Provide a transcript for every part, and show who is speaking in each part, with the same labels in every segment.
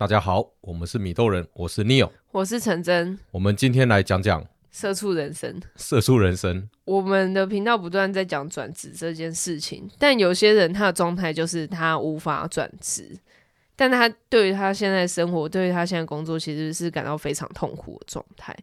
Speaker 1: 大家好，我們是米豆人，我是 Neil，
Speaker 2: 我是陳真，
Speaker 1: 我們今天來講講
Speaker 2: 社畜人生。
Speaker 1: 社畜人生，
Speaker 2: 我們的頻道不斷在講轉職這件事情，但有些人他的狀態就是他無法轉職，但他對於他現在生活，對於他現在工作，其實是感到非常痛苦的狀態。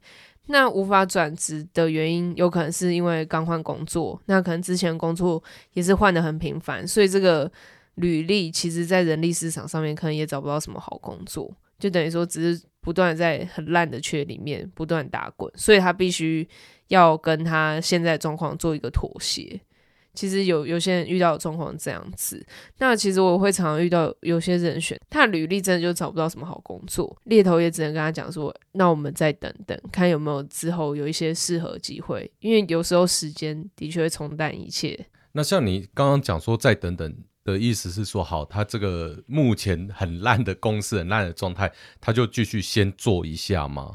Speaker 2: 那無法轉職的原因，有可能是因為剛換工作，那可能之前工作也是換得很頻繁，所以這個。履歷其實，在人力市場上面，可能也找不到什麼好工作，就等於說，只是不斷在很爛的缺裡面不斷打滾，所以他必須要跟他現在狀況做一個妥協。其實有有些人遇到的狀況這樣子，那其實我會常常遇到有些人選，他履歷真的就找不到什麼好工作，獵頭也只能跟他講說，那我們再等等，看有沒有之後有一些適合機會，因為有時候時間的確會沖淡一切。
Speaker 1: 那像你剛剛講說，再等等。的意思是說，好，他這個目前很爛的公司、很爛的狀態，他就繼續先做一下嗎？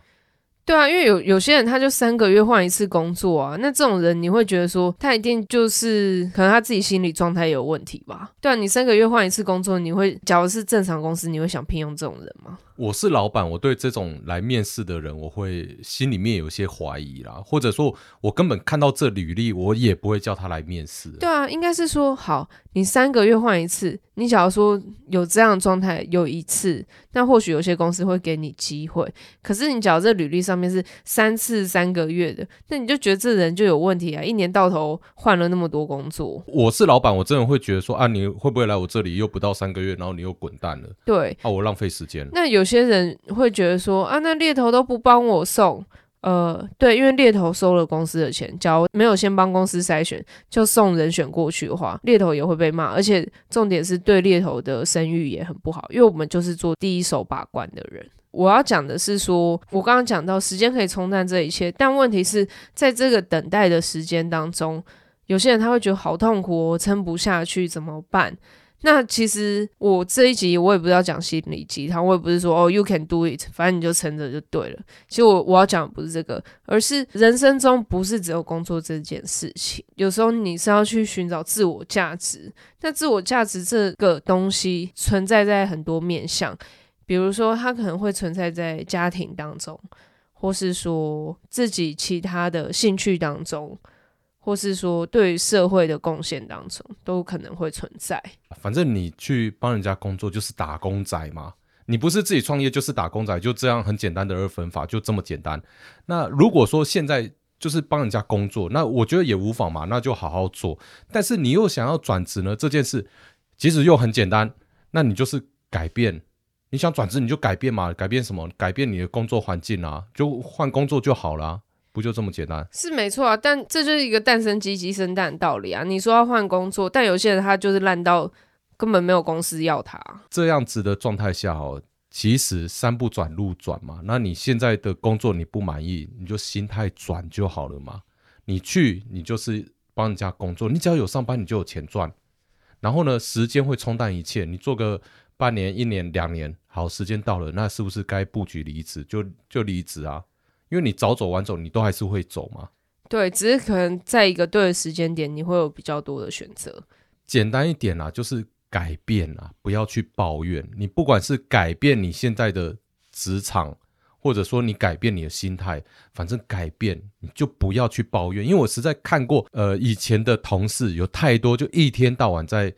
Speaker 2: 對啊，因為有有些人他就三個月換一次工作啊，那這種人你會覺得說，他一定就是可能他自己心理狀態有問題吧？對啊，你三個月換一次工作，你會，假如是正常公司，你會想聘用這種人嗎？
Speaker 1: 我是老闆，我對這種來面試的人，我會心裡面有些懷疑啦，或者說，我根本看到這履歷，我也不會叫他來面試。
Speaker 2: 對啊，應該是說，好，你三個月換一次，你假如說有這樣的狀態有一次，那或許有些公司會給你機會。可是你假如這履歷上面是三次三個月的，那你就覺得這人就有問題啊！一年到頭換了那麼多工作，
Speaker 1: 我是老闆，我真的會覺得說啊，你會不會來我這裡又不到三個月，然後你又滾蛋了？對，啊，我浪費時間了。
Speaker 2: 那有。有些人會覺得說啊，那獵頭都不幫我送，呃，對，因為獵頭收了公司的錢，假如沒有先幫公司篩選就送人選過去的話，獵頭也會被罵，而且重點是對獵頭的聲譽也很不好。因為我們就是做第一手把關的人，我要講的是說，我剛剛講到時間可以沖淡這一切，但問題是在這個等待的時間當中，有些人他會覺得好痛苦哦，撐不下去，怎麼辦？那其實我這一集我也不是要講心靈雞湯，我也不是說哦、oh, you can do it，反正你就撐着就對了。其實我我要講的不是這個，而是人生中不是只有工作這件事情。有時候你是要去尋找自我價值，那自我價值這個東西存在在很多面向，比如說它可能會存在在家庭當中，或是說自己其他的興趣當中。或是說對於社會的貢獻當中，都可能會存在。
Speaker 1: 反正你去幫人家工作就是打工仔嘛，你不是自己創業就是打工仔，就這樣很簡單的二分法，就這麼簡單。那如果說現在就是幫人家工作，那我覺得也無妨嘛，那就好好做。但是你又想要轉職呢？這件事其實又很簡單，那你就是改變。你想轉職，你就改變嘛，改變什麼？改變你的工作環境啊，就換工作就好了啊。不就這麼簡單？
Speaker 2: 是沒錯啊，但這就是一個“蛋生雞，雞生蛋”的道理啊。你說要換工作，但有些人他就是爛到根本沒有公司要他
Speaker 1: 啊。這樣子的狀態下，哦，其實山不轉路轉嘛。那你現在的工作你不滿意，你就心態轉就好了嘛。你去，你就是幫人家工作，你只要有上班，你就有錢賺。然後呢，時間會沖淡一切。你做個半年、一年、兩年，好，時間到了，那是不是該布局離職？就就離職啊。因為你早走晚走，你都還是會走嗎？
Speaker 2: 對，只是可能在一個對的時間點，你會有比較多的選擇。
Speaker 1: 簡單一點啦，啊，就是改變啊，不要去抱怨。你不管是改變你現在的職場，或者說你改變你的心態，反正改變，你就不要去抱怨。因為我實在看過，呃，以前的同事有太多，就一天到晚在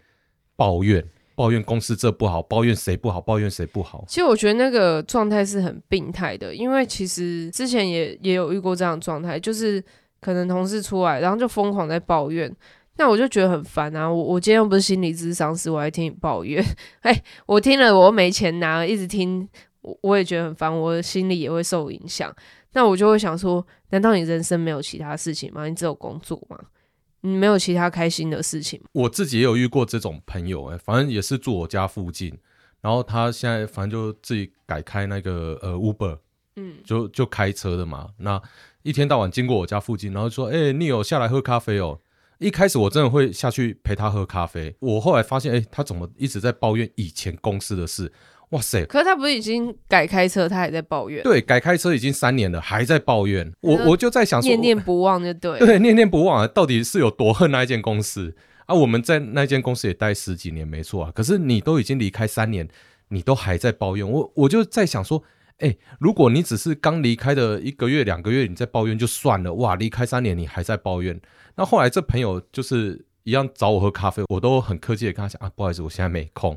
Speaker 1: 抱怨。抱怨公司這不好，抱怨誰不好，抱怨誰不好。
Speaker 2: 其實我覺得那個狀態是很病態的，因為其實之前也也有遇過這樣的狀態，就是可能同事出來，然後就瘋狂在抱怨，那我就覺得很煩啊！我我今天又不是心理諮商師，我還聽你抱怨，誒， 我聽了我又沒錢拿，一直聽，我我也覺得很煩，我心裡也會受影響。那我就會想說，難道你人生沒有其他事情嗎？你只有工作嗎？嗯，沒有其他開心的事情。我
Speaker 1: 自己也有遇過這種朋友欸，反正也是住我家附近，然後他現在反正就自己改開那個呃 Uber，嗯，就就開車的嘛。那一天到晚經過我家附近，然後說：“欸，你有下來喝咖啡哦。”一開始我真的會下去陪他喝咖啡，我後來發現，欸，他怎麼一直在抱怨以前公司的事。哇塞！可是
Speaker 2: 他不是已經改開車，他還在抱怨。對，
Speaker 1: 改開車已經三年了，還在抱怨。我我就在想，念念
Speaker 2: 不忘就對。對，
Speaker 1: 念念不忘，到底是有多恨那一間公司啊？我們在那間公司也待十幾年，沒錯啊。可是你都已經離開三年，你都還在抱怨。我我就在想說，哎，如果你只是剛離開的一個月、兩個月，你在抱怨就算了。哇，離開三年你還在抱怨。那後來這朋友就是一樣找我喝咖啡，我都很客氣的跟他講啊，不好意思，我現在沒空。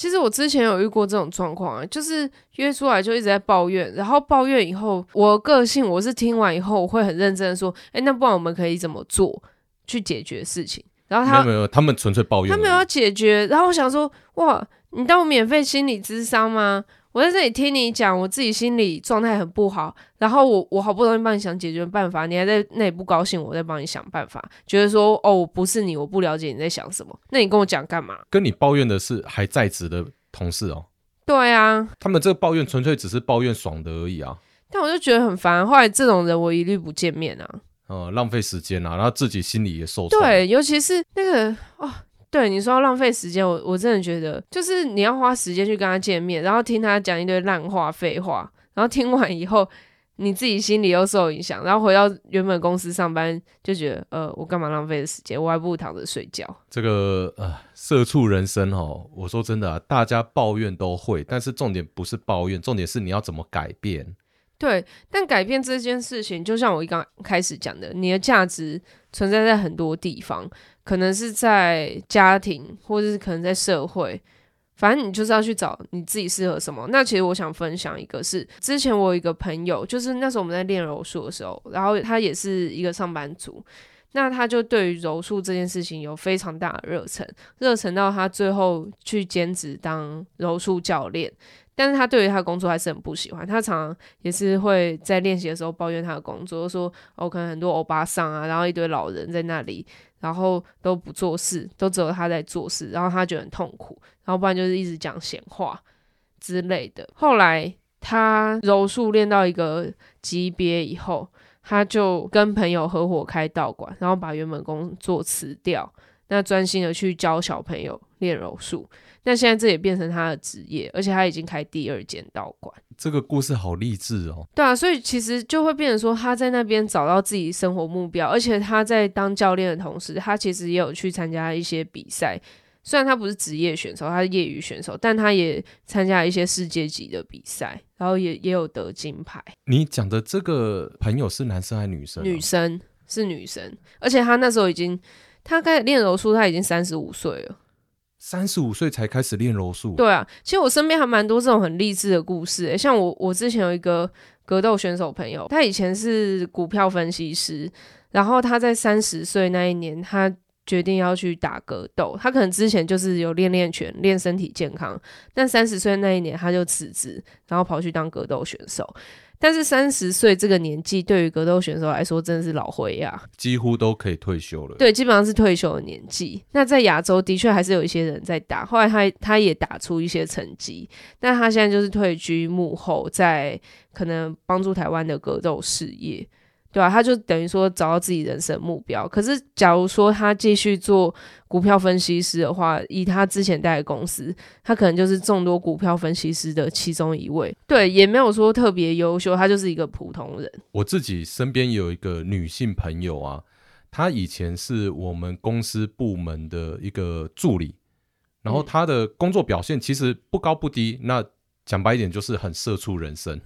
Speaker 2: 其實我之前有遇過這種狀況啊，就是約出來就一直在抱怨,然後抱怨以後，我個性我是聽完以後，我會很認真的說，哎，那不然我們可以怎麼做去解決事情？然後他
Speaker 1: 沒有沒有，他們純粹抱怨，他沒有
Speaker 2: 要解決。然後我想說，哇，你當我免費心理諮商嗎？我在這裡聽你講，我自己心裡狀態很不好。然後我我好不容易幫你想解決辦法，你還在那裡不高興。我在幫你想辦法，覺得說哦，不是你，我不了解你在想什麼？那你跟我講幹嘛？
Speaker 1: 跟你抱怨的是還在職的同事哦。
Speaker 2: 對啊，
Speaker 1: 他們這個抱怨純粹只是抱怨爽的而已啊。
Speaker 2: 但我就覺得很煩，後來這種人我一律不見面啊。嗯，
Speaker 1: 浪費時間啊，然後自己心裡也受傷。
Speaker 2: 對，尤其是那個哦。對你說要浪費時間，我我真的覺得，就是你要花時間去跟他見面，然後聽他講一堆爛話、廢話，然後聽完以後，你自己心裡又受影響，然後回到原本公司上班，就覺得呃，我幹嘛浪費時間？我還不如躺着睡覺。
Speaker 1: 這個呃，社畜人生哦，我說真的啊，大家抱怨都會，但是重點不是抱怨，重點是你要怎麼改變。
Speaker 2: 對，但改變這件事情，就像我一剛開始講的，你的價值存在在很多地方，可能是在家庭，或者是可能在社會，反正你就是要去找你自己適合什麼。那其實我想分享一個是，是之前我有一個朋友，就是那時候我們在練柔術的時候，然後他也是一個上班族，那他就對於柔術這件事情有非常大的熱忱，熱忱到他最後去兼職當柔術教練。但是他對於他的工作還是很不喜歡，他常常也是會在練習的時候抱怨他的工作，就說我、哦、可能很多歐巴桑啊，然後一堆老人在那裡，然後都不做事，都只有他在做事，然後他覺得很痛苦，然後不然就是一直講閒話之類的。後來他柔術練到一個級別以後，他就跟朋友合夥開道館，然後把原本工作辭掉，那專心的去教小朋友。練柔術，那現在這也變成他的職業，而且他已經開第二間道館。
Speaker 1: 這個故事好勵志哦。
Speaker 2: 對啊，所以其實就會變成說他在那邊找到自己生活目標，而且他在當教練的同時，他其實也有去參加一些比賽。雖然他不是職業選手，他是業餘選手，但他也參加一些世界級的比賽，然後也也有得金牌。
Speaker 1: 你講的這個朋友是男生還是女生啊？女
Speaker 2: 生是女生，而且他那時候已經，他開始練柔術，他已經三十五歲了。
Speaker 1: 三十五歲才開始練柔術，對
Speaker 2: 啊，其實我身邊還蠻多這種很勵志的故事欸，像我，我之前有一個格鬥選手朋友，他以前是股票分析師，然後他在三十歲那一年，他決定要去打格鬥。他可能之前就是有練練拳，練身體健康，但三十歲那一年他就辭職，然後跑去當格鬥選手。但是三十歲這個年紀，對於格鬥選手來說，真的是老灰啊，
Speaker 1: 幾乎都可以退休了。對，
Speaker 2: 基本上是退休的年紀。那在亞洲，的確還是有一些人在打。後來他他也打出一些成績，那他現在就是退居幕後，在可能幫助台灣的格鬥事業。對啊，他就等於說找到自己人生目標。可是，假如說他繼續做股票分析師的話，以他之前待的公司，他可能就是眾多股票分析師的其中一位。對，也沒有說特別優秀，他就是一個普通人。
Speaker 1: 我自己身邊有一個女性朋友啊，她以前是我們公司部門的一個助理，然後她的工作表現其實不高不低，那，講白一點，就是很社畜人生，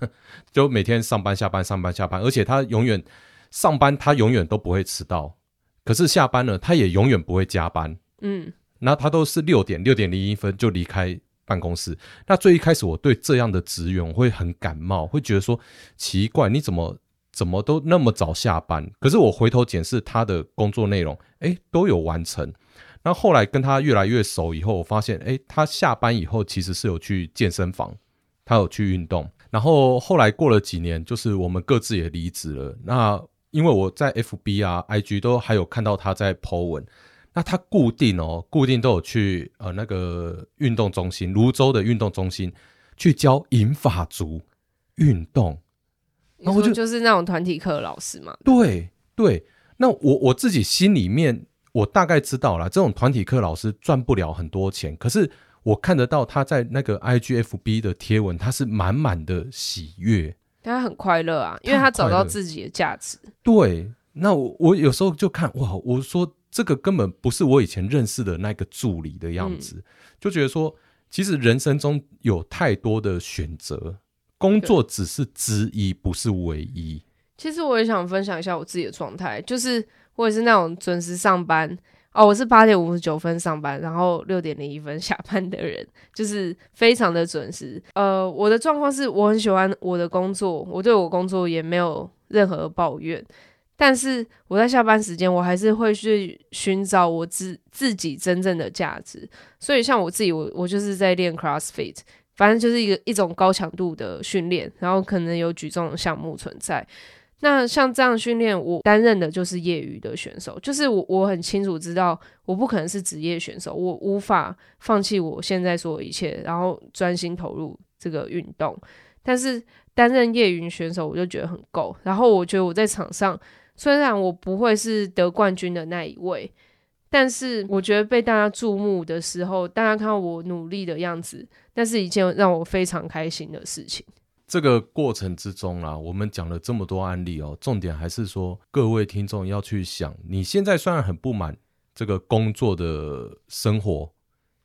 Speaker 1: 就每天上班下班上班下班，而且他永遠上班，他永遠都不會遲到。可是下班了，他也永遠不會加班。嗯，那他都是六點六點零一分就離開辦公室。那最一開始，我對這樣的職員我會很感冒，會覺得說奇怪，你怎麼怎麼都那麼早下班？可是我回頭檢視他的工作內容，欸，都有完成。那後來跟他越來越熟以後，我發現，欸，他下班以後其實是有去健身房。他有去運動，然後後來過了幾年，就是我們各自也離職了。那因為我在 FB 啊、IG 都還有看到他在 po 文，那他固定哦、喔，固定都有去呃那個運動中心，蘆洲的運動中心去教銀髮族運動。
Speaker 2: 然後就就是那種團體課老師嘛。
Speaker 1: 對對，那我我自己心裡面我大概知道啦，這種團體課老師賺不了很多錢，可是。我看得到他在那個 I G F B 的貼文，他是滿滿的喜悅，
Speaker 2: 他很快樂啊，因為他找到自己的價值。
Speaker 1: 對，那我我有時候就看哇，我說這個根本不是我以前認識的那個助理的樣子，嗯、就覺得說，其實人生中有太多的選擇，工作只是之一，對不是唯一。
Speaker 2: 其實我也想分享一下我自己的狀態，就是我也是那種準時上班。哦，我是八點五十九分上班，然後六點零一分下班的人，就是非常的準時。呃，我的狀況是我很喜歡我的工作，我對我工作也沒有任何抱怨。但是我在下班時間，我還是會去尋找我自自己真正的價值。所以像我自己，我我就是在練 CrossFit，反正就是一個一種高強度的訓練，然後可能有舉重項目存在。那像這樣訓練，我擔任的就是業餘的選手，就是我我很清楚知道，我不可能是職業選手，我無法放棄我現在所有一切，然後專心投入這個運動。但是擔任業餘選手，我就覺得很夠。然後我覺得我在場上，雖然我不會是得冠軍的那一位，但是我覺得被大家注目的時候，大家看到我努力的樣子，那是一件讓我非常開心的事情。
Speaker 1: 這個過程之中啊，我們講了這麼多案例哦，重點還是說，各位聽眾要去想，你現在雖然很不滿這個工作的生活，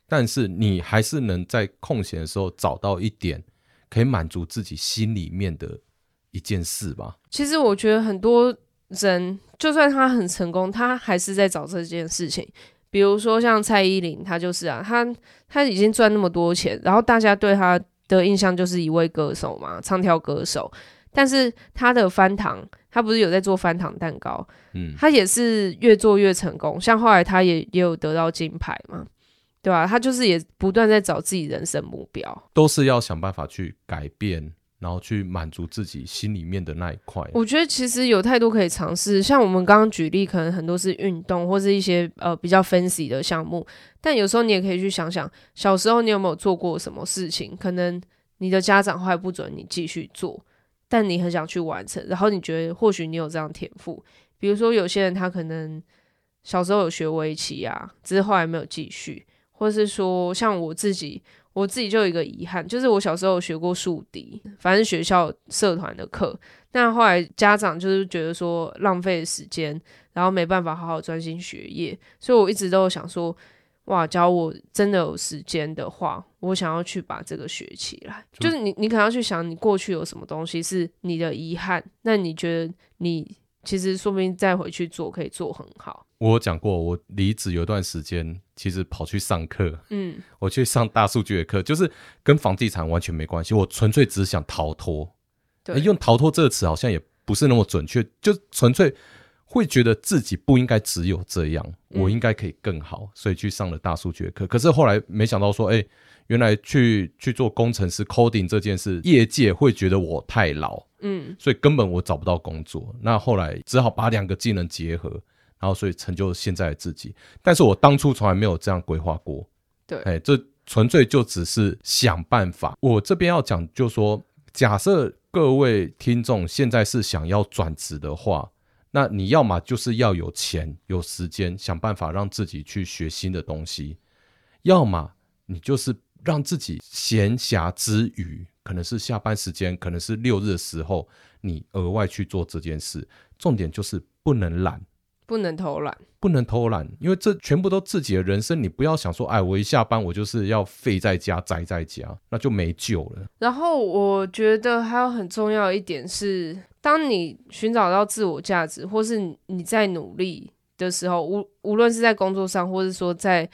Speaker 1: 但是你還是能在空閒的時候找到一點可以滿足自己心裡面的一件事吧。
Speaker 2: 其實我覺得很多人，就算他很成功，他還是在找這件事情。比如說像蔡依林，他就是啊，他他已經賺那麼多錢，然後大家對他的印象就是一位歌手嘛，唱跳歌手。但是他的翻糖，他不是有在做翻糖蛋糕？嗯，他也是越做越成功。像後來他也也有得到金牌嘛，對吧？啊，他就是也不斷在找自己人生目標，
Speaker 1: 都是要想辦法去改變。然後去滿足自己心裡面的那一塊，
Speaker 2: 我覺得其實有太多可以嘗試。像我們剛剛舉例，可能很多是運動或是一些呃比較 fancy 的項目，但有時候你也可以去想想，小時候你有沒有做過什麼事情？可能你的家長後來不准你繼續做，但你很想去完成，然後你覺得或許你有這樣的天賦。比如說有些人他可能小時候有學圍棋啊，只是後來沒有繼續，或者是說像我自己。我自己就有一個遺憾，就是我小時候有學過豎笛，反正學校社團的課。但後來家長就是覺得說浪費時間，然後沒辦法好好專心學業，所以我一直都想說，哇，只要我真的有時間的話，我想要去把這個學起來。嗯、就是你，你可能要去想，你過去有什麼東西是你的遺憾，那你覺得你其實說不定再回去做，可以做很好。
Speaker 1: 我講過，我離職有一段時間，其實跑去上課，嗯，我去上大數據的課，就是跟房地產完全沒關係。我純粹只想逃脫對、欸，用“逃脫”這個詞好像也不是那麼準確，就純粹會覺得自己不應該只有這樣，嗯、我應該可以更好，所以去上了大數據的課。嗯、可是後來沒想到說，哎、欸，原來去去做工程師 coding 這件事，業界會覺得我太老，嗯，所以根本我找不到工作。那後來只好把兩個技能結合。然後，所以成就現在的自己。但是我當初從來沒有這樣規劃過。對，哎，這純粹就只是想辦法。我這邊要講就是，就說假設各位聽眾現在是想要轉職的話，那你要麼就是要有錢、有時間，想辦法讓自己去學新的東西；要麼你就是讓自己閒暇之餘，可能是下班時間，可能是六日的時候，你額外去做這件事。重點就是不能懶。
Speaker 2: 不能偷懶，
Speaker 1: 不能偷懶，因為這全部都自己的人生，你不要想說，哎，我一下班我就是要廢在家，宅在家，那就沒救了。
Speaker 2: 然後我覺得還有很重要一點是，當你尋找到自我價值，或是你在努力的時候，無無論是在工作上，或是說在。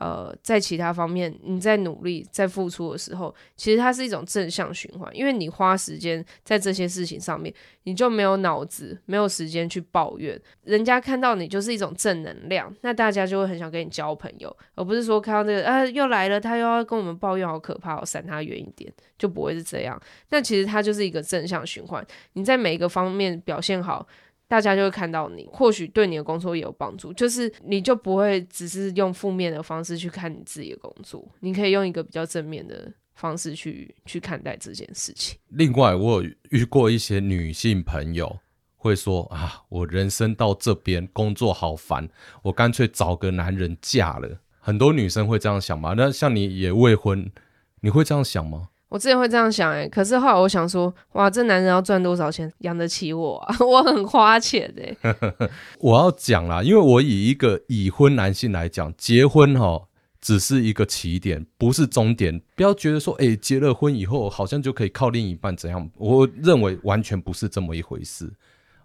Speaker 2: 呃，在其他方面，你在努力、在付出的時候，其實它是一種正向循環，因為你花時間在這些事情上面，你就沒有腦子、沒有時間去抱怨。人家看到你就是一種正能量，那大家就會很想跟你交朋友，而不是說看到這個，啊、呃、又來了，他又要跟我們抱怨，好可怕，我閃他遠一點，就不會是這樣。那其實它就是一個正向循環，你在每一個方面表現好。大家就會看到你，或許對你的工作也有幫助，就是你就不會只是用負面的方式去看你自己的工作，你可以用一個比較正面的方式去去看待這件事情。
Speaker 1: 另外，我有遇過一些女性朋友會說啊，我人生到這邊工作好煩，我乾脆找個男人嫁了。很多女生會這樣想嘛？那像你也未婚，你會這樣想嗎？
Speaker 2: 我之前會這樣想、欸、可是後來我想說，哇，這男人要賺多少錢養得起我啊？我很花錢哎、欸。
Speaker 1: 我要講啦，因為我以一個已婚男性來講，結婚哈、喔、只是一個起點，不是終點。不要覺得說，哎、欸，結了婚以後好像就可以靠另一半怎樣？我認為完全不是這麼一回事，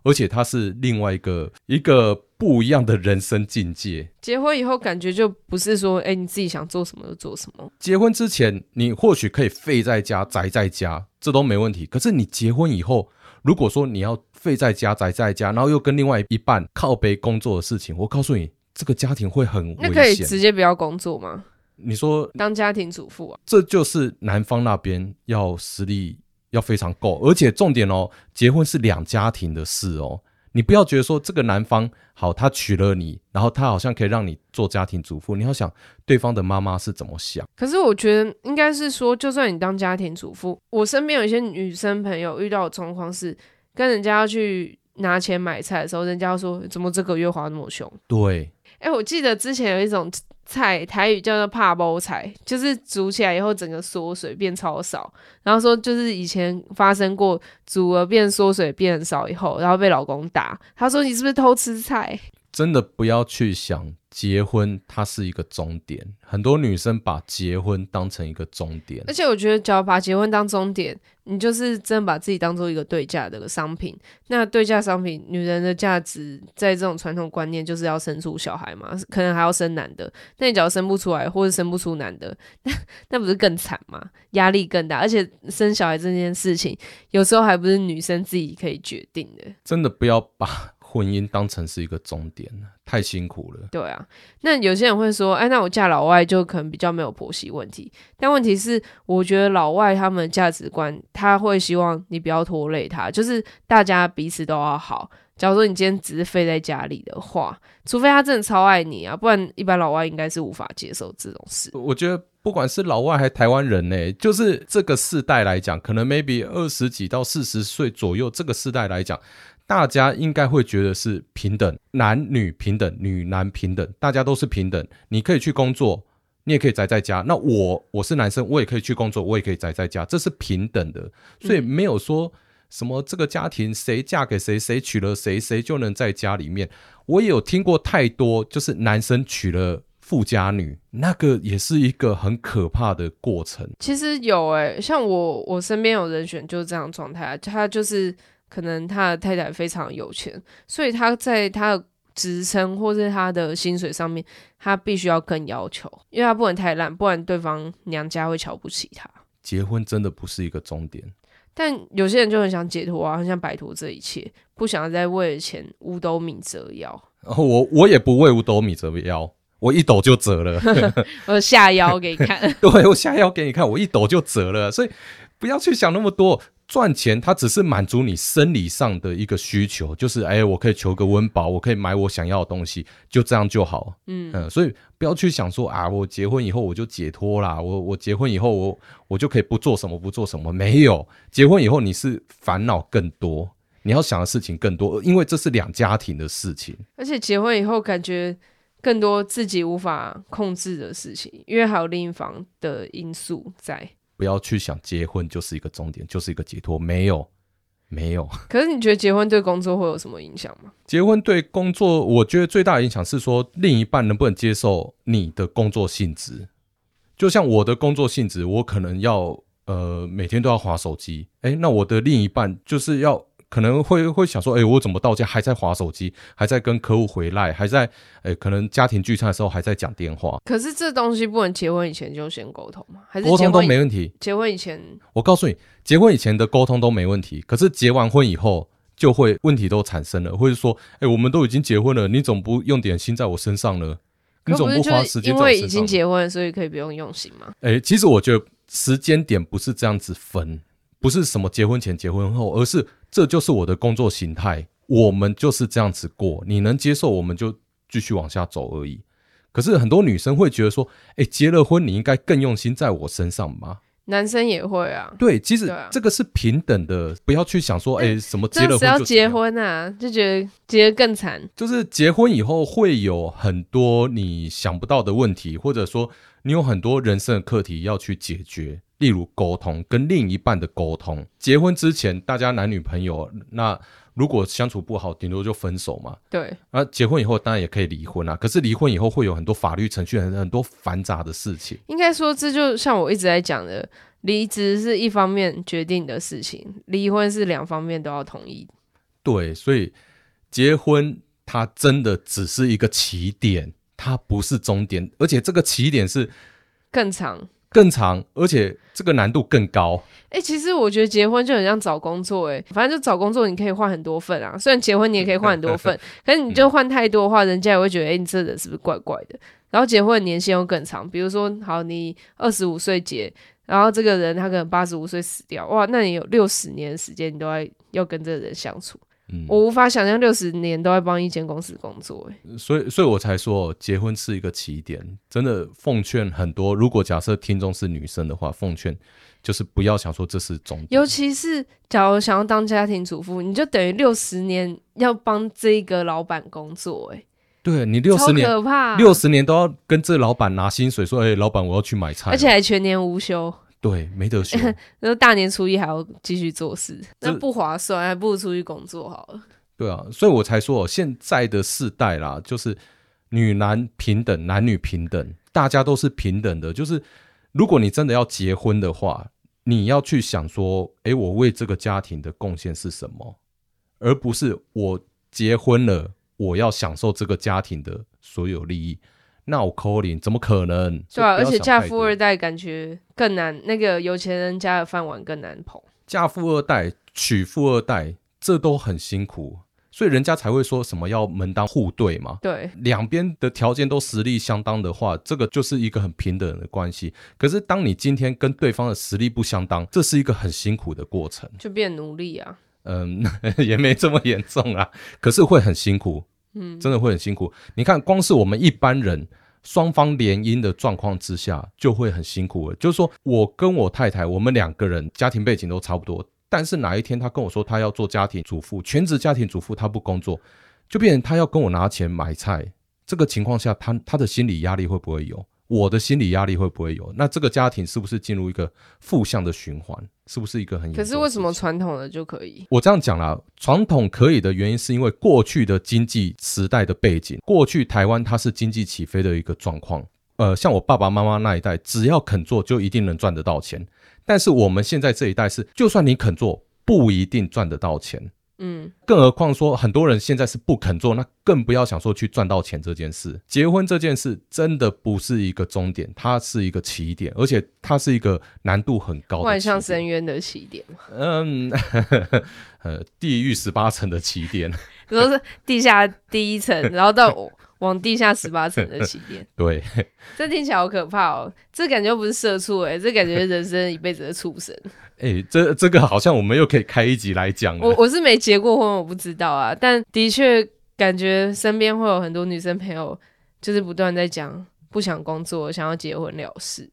Speaker 1: 而且他是另外一個一個。不一樣的人生境界。
Speaker 2: 結婚以後，感覺就不是說，誒、欸，你自己想做什麼就做什麼。
Speaker 1: 結婚之前，你或許可以廢在家宅在家，這都沒問題。可是你結婚以後，如果說你要廢在家宅在家，然後又跟另外一半靠北工作的事情，我告訴你，這個家庭會很危險。那可以直
Speaker 2: 接不要工作嗎？你說當家庭主婦啊？
Speaker 1: 這就是男方那邊要實力要非常夠，而且重點哦，結婚是兩家庭的事哦。你不要覺得說這個男方好，他娶了你，然後他好像可以讓你做家庭主婦。你要想對方的媽媽是怎麼想？
Speaker 2: 可是我覺得應該是說，就算你當家庭主婦，我身邊有一些女生朋友遇到的狀況是，跟人家要去拿錢買菜的時候，人家說怎麼這個月花那麼兇。對，哎、欸，我記得之前有一種。菜台語叫做怕包菜，就是煮起來以後整個縮水變超少。然後說就是以前發生過煮了變縮水變很少以後，然後被老公打。他說，你是不是偷吃菜？
Speaker 1: 真的不要去想結婚，它是一個終點。很多女生把結婚當成一個終點。而
Speaker 2: 且我覺得只要把結婚當終點。你就是真的把自己當做一個對價的商品。那對價商品，女人的價值在這種傳統觀念就是要生出小孩嘛，可能還要生男的。那你假如生不出來，或者生不出男的，那那不是更慘嗎？壓力更大，而且生小孩這件事情，有時候還不是女生自己可以決定的。
Speaker 1: 真的不要把婚姻當成是一個終點了，太辛苦了。
Speaker 2: 對啊，那有些人會說，哎，那我嫁老外就可能比較沒有婆媳問題。但問題是，我覺得老外他們的價值觀，他會希望你不要拖累他，就是大家彼此都要好。假如說你今天只是廢在家裡的話，除非他真的超愛你啊，不然一般老外應該是無法接受這種事。
Speaker 1: 我覺得不管是老外還是台灣人呢、欸，就是這個世代來講，可能 maybe 二十幾到四十歲左右這個世代來講。大家應該會覺得是平等，男女平等，女男平等，大家都是平等。你可以去工作，你也可以宅在家。那我我是男生，我也可以去工作，我也可以宅在家，這是平等的。所以沒有說什麼這個家庭誰嫁給誰，誰娶了誰，誰就能在家裡面。我也有聽過太多，就是男生娶了富家女，那個也是一個很可怕的過程。
Speaker 2: 其實有哎、欸，像我我身邊有人選就是這樣的狀態啊，他就是。可能他的太太非常有錢，所以他在他的職稱或是他的薪水上面，他必須要更要求，因為他不能太爛，不然對方娘家會瞧不起他。
Speaker 1: 結婚真的不是一個終
Speaker 2: 點，但有些人就很想解脫啊，很想擺脫這一切，不想要再為了錢五斗米折腰。
Speaker 1: 我我也不為五斗米折腰，我一抖就折了。
Speaker 2: 我下腰給你看 對，對我
Speaker 1: 下腰給你看，我一抖就折了，所以不要去想那麼多。賺錢，它只是滿足你生理上的一個需求，就是哎，我可以求個溫飽，我可以買我想要的東西，就這樣就好。嗯，嗯，所以不要去想說啊，我結婚以後我就解脫啦。我我結婚以後我我就可以不做什麼不做什麼，沒有，結婚以後你是煩惱更多，你要想的事情更多，因為這是兩家庭的事情。
Speaker 2: 而且結婚以後，感覺更多自己無法控制的事情，因為還有另一方的因素在。
Speaker 1: 不要去想結婚就是一個終點，就是一個解脫，沒有，沒有。
Speaker 2: 可是你覺得結婚對工作會有什麼影響嗎？
Speaker 1: 結婚對工作，我覺得最大的影響是說，另一半能不能接受你的工作性質？就像我的工作性質，我可能要呃每天都要滑手機，誒、欸，那我的另一半就是要。可能會會想說，哎、欸，我怎麼到家還在滑手機，還在跟客戶回來，還在，哎、欸，可能家庭聚餐的時候還在講電話。可
Speaker 2: 是這東西不能結婚以前就先溝通嗎？溝通都沒問題。結婚以前，
Speaker 1: 我告訴你，結婚以前的溝通都沒問題。可是結完婚以後，就會問題都產生了，或者說，哎、欸，我們都已經結婚了，你總不用點心在我身上呢，你總不花時間。因為已經
Speaker 2: 結婚，所以可以不用用心嗎？
Speaker 1: 哎，其實我覺得時間點不是這樣子分，不是什麼結婚前、結婚後，而是。這就是我的工作形態，我們就是這樣子過，你能接受我們就繼續往下走而已。可是很多女生會覺得說，誒，結了婚你應該更用心在我身上嗎？
Speaker 2: 男生也會啊，
Speaker 1: 對，其實這個是平等的，啊、不要去想說，哎，什麼結了婚就。只要結
Speaker 2: 婚啊，就覺得結得更慘。就是
Speaker 1: 結婚以後會有很多你想不到的問題，或者說你有很多人生的課題要去解決，例如溝通，跟另一半的溝通。結婚之前，大家男女朋友那。如果相處不好，頂多就分手嘛。對，而、啊、結婚以後當然也可以離婚啊。可是離婚以後會有很多法律程序，很很多繁雜的事情。
Speaker 2: 應該說，這就像我一直在講的，離職是一方面決定的事情，離婚是兩方面都要同意。
Speaker 1: 對，所以結婚它真的只是一個起點，它不是終點，而且這個起點是更長。更長，而且這個難度更高。
Speaker 2: 哎、欸，其實我覺得結婚就很像找工作，欸，哎，反正就找工作，你可以換很多份啊。雖然結婚你也可以換很多份，呵呵呵，可是你就換太多的話，嗯、人家也會覺得，哎、欸，你這人是不是怪怪的？然後結婚的年限又更長，比如說，好，你二十五歲結，然後這個人他可能八十五歲死掉，哇，那你有六十年的時間，你都要要跟這個人相處。我無法想象六十年都要幫一間公司工作、欸嗯、
Speaker 1: 所以，所以我才說結婚是一個起點。真的，奉勸很多，如果假設聽眾是女生的話，奉勸就是不要想說這是終點。
Speaker 2: 尤其是假如想要當家庭主婦，你就等於六十年要幫這個老闆工作哎、欸。
Speaker 1: 對，你六十年，可怕、啊，六十年都要跟這老闆拿薪水說，說、欸、哎，老闆，我要去買菜，而且還
Speaker 2: 全年無休。
Speaker 1: 對，沒得選。
Speaker 2: 那 大年初一還要繼續做事，這那不划算，還不如出去工作好了。
Speaker 1: 對啊，所以我才說、哦，現在的世代啦，就是女男平等，男女平等，大家都是平等的。就是如果你真的要結婚的話，你要去想說，哎，我為這個家庭的貢獻是什麼？而不是我結婚了，我要享受這個家庭的所有利益。那我扣你，怎麼可能？對啊，而且嫁富
Speaker 2: 二代感覺更難，那個有錢人家的飯碗更難捧。
Speaker 1: 嫁富二代、娶富二代，這都很辛苦，所以人家才會說什麼要門當戶對嘛。對，兩邊的條件都實力相當的話，這個就是一個很平等的關係。可是當你今天跟對方的實力不相當，這是一個很辛苦的過程，
Speaker 2: 就變奴隸啊？嗯，
Speaker 1: 也沒這麼嚴重啊，可是會很辛苦。嗯，真的會很辛苦。你看，光是我們一般人雙方聯姻的狀況之下，就會很辛苦了，就是說我跟我太太，我們兩個人家庭背景都差不多，但是哪一天她跟我說她要做家庭主婦，全職家庭主婦，她不工作，就變成她要跟我拿錢買菜。這個情況下，她她的心理壓力會不會有？我的心理壓力會不會有？那這個家庭是不是進入一個負向的循環？是不是一個很？可是
Speaker 2: 為什麼傳統的就可以？
Speaker 1: 我這樣講啦，傳統可以的原因是因為過去的經濟時代的背景，過去台灣它是經濟起飛的一個狀況。呃，像我爸爸媽媽那一代，只要肯做就一定能賺得到錢。但是我們現在這一代是，就算你肯做，不一定賺得到錢。嗯，更何況說很多人現在是不肯做，那更不要想說去賺到錢這件事。結婚這件事真的不是一個終點，它是一個起點，而且它是一個難度很高的。萬
Speaker 2: 丈深淵的起點嗎？
Speaker 1: 嗯呵呵，呃，地獄十八層的起點，
Speaker 2: 比如說是地下第一層， 然後到。往地下十八層的起點。
Speaker 1: 對，
Speaker 2: 這聽起來好可怕哦！這感覺又不是社畜哎，這感覺人生一輩子的畜生。
Speaker 1: 哎、 欸，這這個好像我們又可以開一集來講了。我
Speaker 2: 我是沒結過婚，我不知道啊。但的確感覺身邊會有很多女生朋友，就是不斷在講不想工作，想要結婚了事。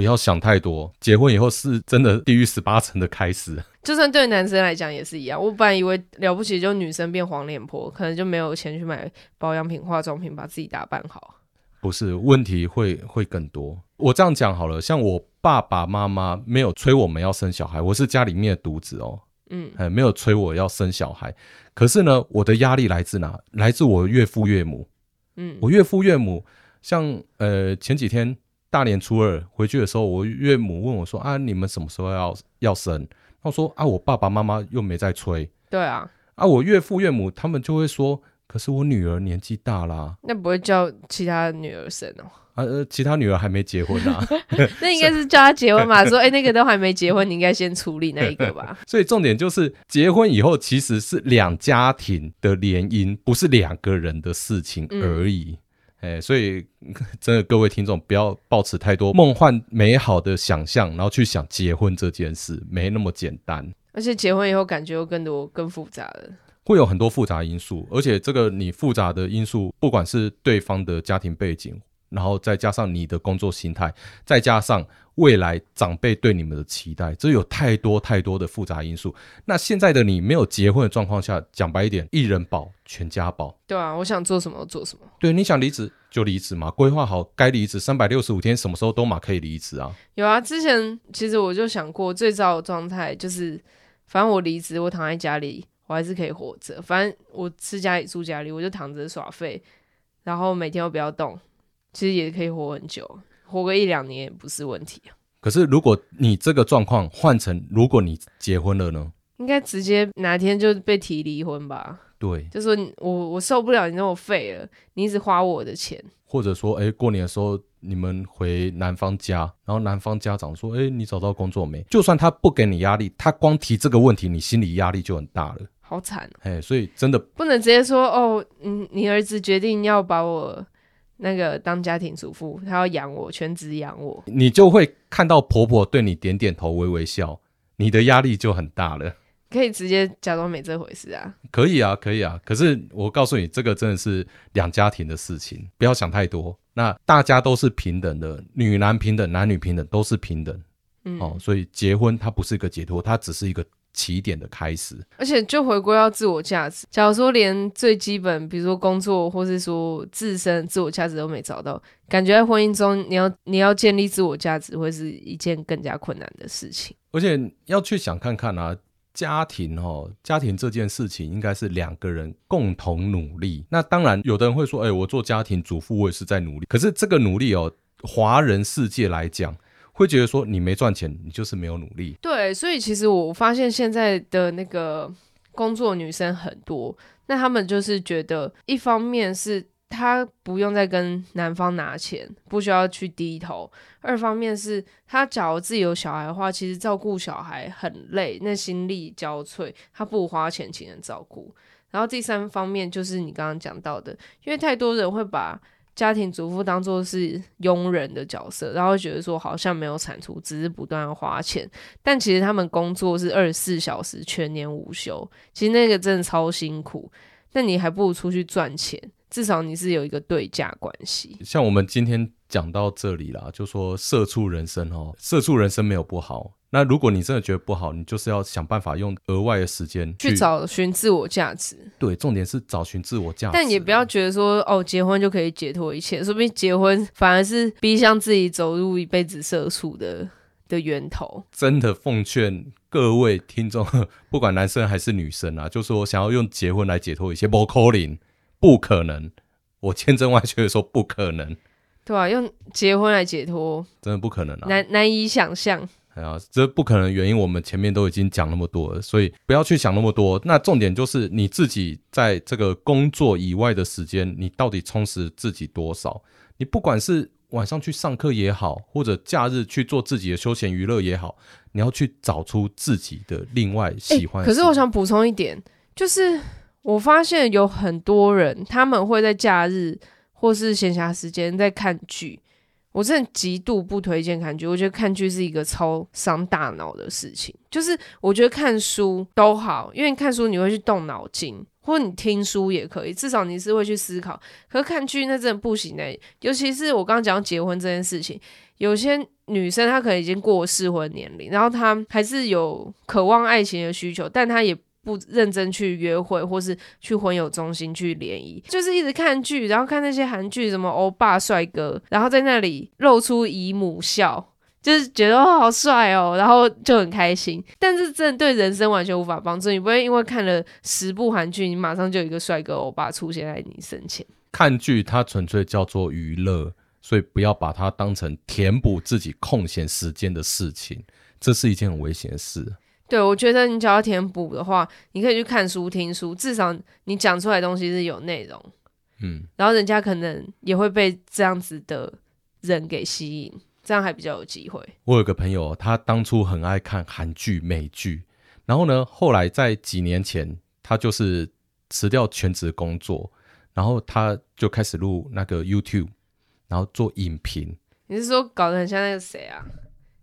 Speaker 1: 不要想太多，結婚以後是真的地獄十八層的開始。
Speaker 2: 就算對男生來講也是一樣。我本來以為了不起，就女生變黃臉婆，可能就沒有錢去買保養品、化妝品，把自己打扮好，
Speaker 1: 不是問題會會更多。我這樣講好了，像我爸爸媽媽沒有催我們要生小孩，我是家裡面的獨子哦。嗯，嗯，沒有催我要生小孩。可是呢，我的壓力來自哪？來自我岳父岳母。嗯，我岳父岳母像呃前幾天，大年初二回去的時候，我岳母問我說：“啊，你們什麼時候要要生？”她說：“啊，我爸爸媽媽又沒在催。”對啊，啊，我岳父岳母他們就會說：“可是我女兒年紀大啦、啊，
Speaker 2: 那不會叫其他女兒生哦、喔？
Speaker 1: 啊，其他女兒還沒結婚啊？
Speaker 2: 那應該是叫她結婚嘛？說 所以：“哎、欸，那個都還沒結婚， 你應該先處理那一個
Speaker 1: 吧。”所以重點就是，結婚以後其實是兩家庭的聯姻，不是兩個人的事情而已。嗯哎、欸，所以真的，各位聽眾不要抱持太多夢幻美好的想象，然後去想結婚這件事沒那麼簡單。
Speaker 2: 而且結婚以後，感覺會更多、更複雜了，
Speaker 1: 會有很多複雜因素。而且這個你複雜的因素，不管是對方的家庭背景。然後再加上你的工作心態，再加上未來長輩對你們的期待，這有太多太多的複雜因素。那現在的你沒有結婚的狀況下，講白一點，一人保，全家保，
Speaker 2: 對啊，我想做什麼做什麼，
Speaker 1: 對，你想離職就離職嘛，規劃好該離職，三百六十五天，什麼時候都嘛可以離職啊。
Speaker 2: 有啊，之前其實我就想過，最早的狀態就是，反正我離職，我躺在家裡，我還是可以活着，反正我吃家裡住家裡，我就躺着耍廢，然後每天我不要動。其實也可以活很久，活個一兩年也不是問題啊。
Speaker 1: 可是如果你這個狀況換成，如果你結婚了呢？
Speaker 2: 應該直接哪天就被提離婚吧？對，就說我我受不了你那麼廢了，你一直花我的錢。
Speaker 1: 或者說，哎、欸，過年的時候你們回男方家，然後男方家長說：“哎、欸，你找到工作沒？”就算他不給你壓力，他光提這個問題，你心理壓力就很大了。
Speaker 2: 好慘喔！哎、
Speaker 1: 欸，所以真的
Speaker 2: 不能直接說哦，你你兒子決定要把我。那個當家庭主婦，她要養我，全職養我，
Speaker 1: 你就會看到婆婆對你點點頭、微微笑，你的壓力就很大了。
Speaker 2: 可以直接假裝沒這回事啊？
Speaker 1: 可以啊，可以啊。可是我告訴你，這個真的是兩家庭的事情，不要想太多。那大家都是平等的，女男平等，男女平等都是平等。嗯，哦，所以結婚它不是一個解脫，它只是一個。起點的開始，
Speaker 2: 而且就回歸到自我價值。假如說連最基本，比如說工作，或是說自身自我價值都沒找到，感覺在婚姻中，你要你要建立自我價值，會是一件更加困難的事情。
Speaker 1: 而且要去想看看啊，家庭哦，家庭這件事情應該是兩個人共同努力。那當然，有的人會說，哎、欸，我做家庭主婦，我也是在努力。可是這個努力哦，華人世界來講。會覺得說你沒賺錢，你就是沒有努力。
Speaker 2: 對，所以其實我發現現在的那個工作女生很多，那她們就是覺得，一方面是她不用再跟男方拿錢，不需要去低頭；二方面是她假如自己有小孩的話，其實照顧小孩很累，那心力交瘁，她不如花錢請人照顧。然後第三方面就是你剛剛講到的，因為太多人會把。家庭主婦當做是傭人的角色，然後會覺得說好像沒有產出，只是不斷花錢。但其實他們工作是二十四小時全年無休，其實那個真的超辛苦。但你還不如出去賺錢，至少你是有一個對價關係。
Speaker 1: 像我們今天講到這裡啦，就說社畜人生哦，社畜人生沒有不好。那如果你真的覺得不好，你就是要想辦法用額外的時間去，去找
Speaker 2: 尋自我價值。
Speaker 1: 對，重點是找尋自我價值啊。但也
Speaker 2: 不要覺得說哦，結婚就可以解脫一切，說不定結婚反而是逼向自己走入一輩子社畜的的源頭。
Speaker 1: 真的奉勸各位聽眾，不管男生還是女生啊，就說想要用結婚來解脫一些不 calling 不可能。我千真萬確的說，不可能。
Speaker 2: 對啊，用結婚來解脫，
Speaker 1: 真的不可能啊，
Speaker 2: 難難以想象。
Speaker 1: 啊，這不可能，原因我們前面都已經講那麼多了，所以不要去想那麼多。那重點就是你自己在這個工作以外的時間，你到底充實自己多少？你不管是晚上去上課也好，或者假日去做自己的休閒娛樂也好，你要去找出自己的另外喜歡。欸，可是我
Speaker 2: 想補充一點，就是我發現有很多人，他們會在假日或是閒暇時間在看劇。我真的極度不推薦看劇，我覺得看劇是一個超傷大腦的事情。就是我覺得看書都好，因為看書你會去動腦筋，或者你聽書也可以，至少你是會去思考。可是看劇那真的不行哎、欸，尤其是我剛剛講結婚這件事情，有些女生她可能已經過了適婚年齡，然後她還是有渴望愛情的需求，但她也。不認真去約會，或是去婚友中心去聯誼，就是一直看劇，然後看那些韓劇，什麼歐巴帥哥，然後在那裡露出姨母笑，就是覺得哦好帥哦，然後就很開心。但是真的對人生完全無法幫助，你不會因為看了十部韓劇，你馬上就有一個帥哥歐巴出現在你身前。
Speaker 1: 看劇它純粹叫做娛樂，所以不要把它當成填補自己空閒時間的事情，這是一件很危險的事。
Speaker 2: 對，我覺得你只要填補的話，你可以去看書、聽書，至少你講出來的東西是有內容，嗯，然後人家可能也會被這樣子的人給吸引，這樣還比較有機會。
Speaker 1: 我有個朋友，他當初很愛看韓劇、美劇，然後呢，後來在幾年前，他就是辭掉全職工作，然後他就開始錄那個 YouTube，然後做影評。
Speaker 2: 你是說搞得很像那個誰啊？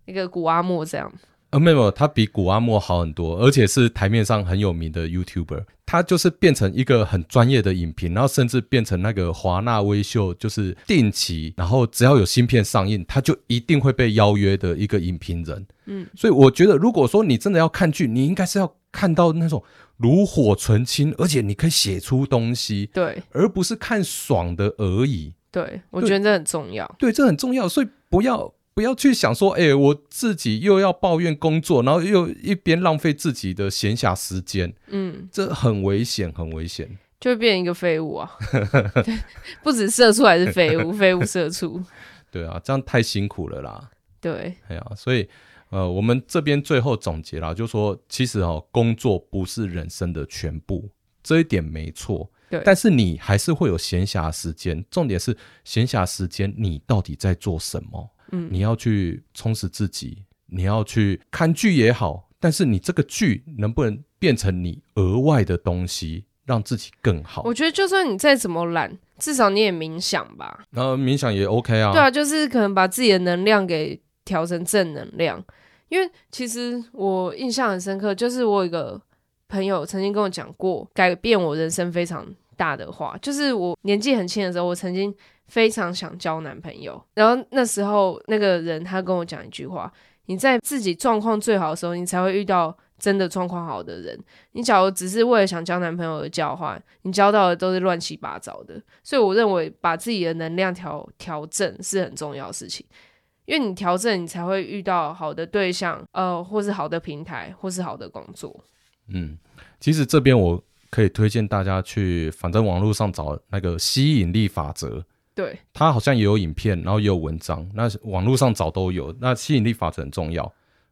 Speaker 2: 那個谷阿莫這樣
Speaker 1: 呃，啊、沒，有沒有，他比古阿莫好很多，而且是台面上很有名的 YouTuber。他就是變成一個很專業的影評，然後甚至變成那個華納威秀，就是定期，然後只要有新片上映，他就一定會被邀約的一個影評人。嗯，所以我覺得，如果說你真的要看劇，你應該是要看到那種爐火純青，而且你可以寫出東西，對，而不是看爽的而已。
Speaker 2: 對，我覺得這很重要對。對，這很重要，所以不要。
Speaker 1: 不要去想說，哎、欸，我自己又要抱怨工作，然後又一邊浪費自己的閒暇時間，嗯，這很危險，很危險，
Speaker 2: 就會變一個廢物啊！ 對，不止社畜還是廢物，廢物社畜。
Speaker 1: 對啊，這樣太辛苦了啦。對，哎呀、啊，所以，呃，我們這邊最後總結啦，就是說其實哦、喔，工作不是人生的全部，這一點沒錯。對，但是你還是會有閒暇時間，重點是閒暇時間你到底在做什麼？嗯，你要去充實自己，你要去看劇也好，但是你這個劇能不能變成你額外的東西，讓自己更好？
Speaker 2: 我覺得就算你再怎麼懶，至少你也冥想吧。
Speaker 1: 然後、呃、冥想也 OK 啊。對啊，
Speaker 2: 就是可能把自己的能量給調成正能量。因為其實我印象很深刻，就是我有一個朋友曾經跟我講過，改變我人生非常。大的話，就是我年紀很輕的時候，我曾經非常想交男朋友。然後那時候那個人他跟我講一句話：“你在自己狀況最好的時候，你才會遇到真的狀況好的人。你假如只是為了想交男朋友而交換，你交到的都是亂七八糟的。”所以我認為把自己的能量調調正是很重要的事情，因為你調整你才會遇到好的對象，呃，或是好的平台，或是好的工作。嗯，
Speaker 1: 其實這邊我。可以推薦大家去，反正網絡上找那個吸引力法則，對，它好像也有影片，然後也有文章，那網絡上找都有。那吸引力法則很重要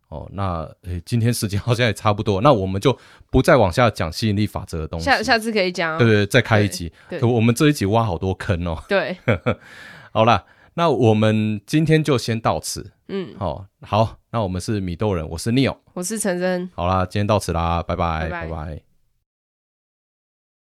Speaker 1: 哦。那誒，今天時間好像也差不多，那我們就不再往下講吸引力法則的東西。
Speaker 2: 下下次可以講，對
Speaker 1: 對，再開一集。對對可我們這一集挖好多坑哦。對， 好了，那我們今天就先到此。嗯，好、哦、好，那我們是米豆人，我是 Neo，
Speaker 2: 我是陳蓁。
Speaker 1: 好啦，今天到此啦，拜拜，拜拜。拜拜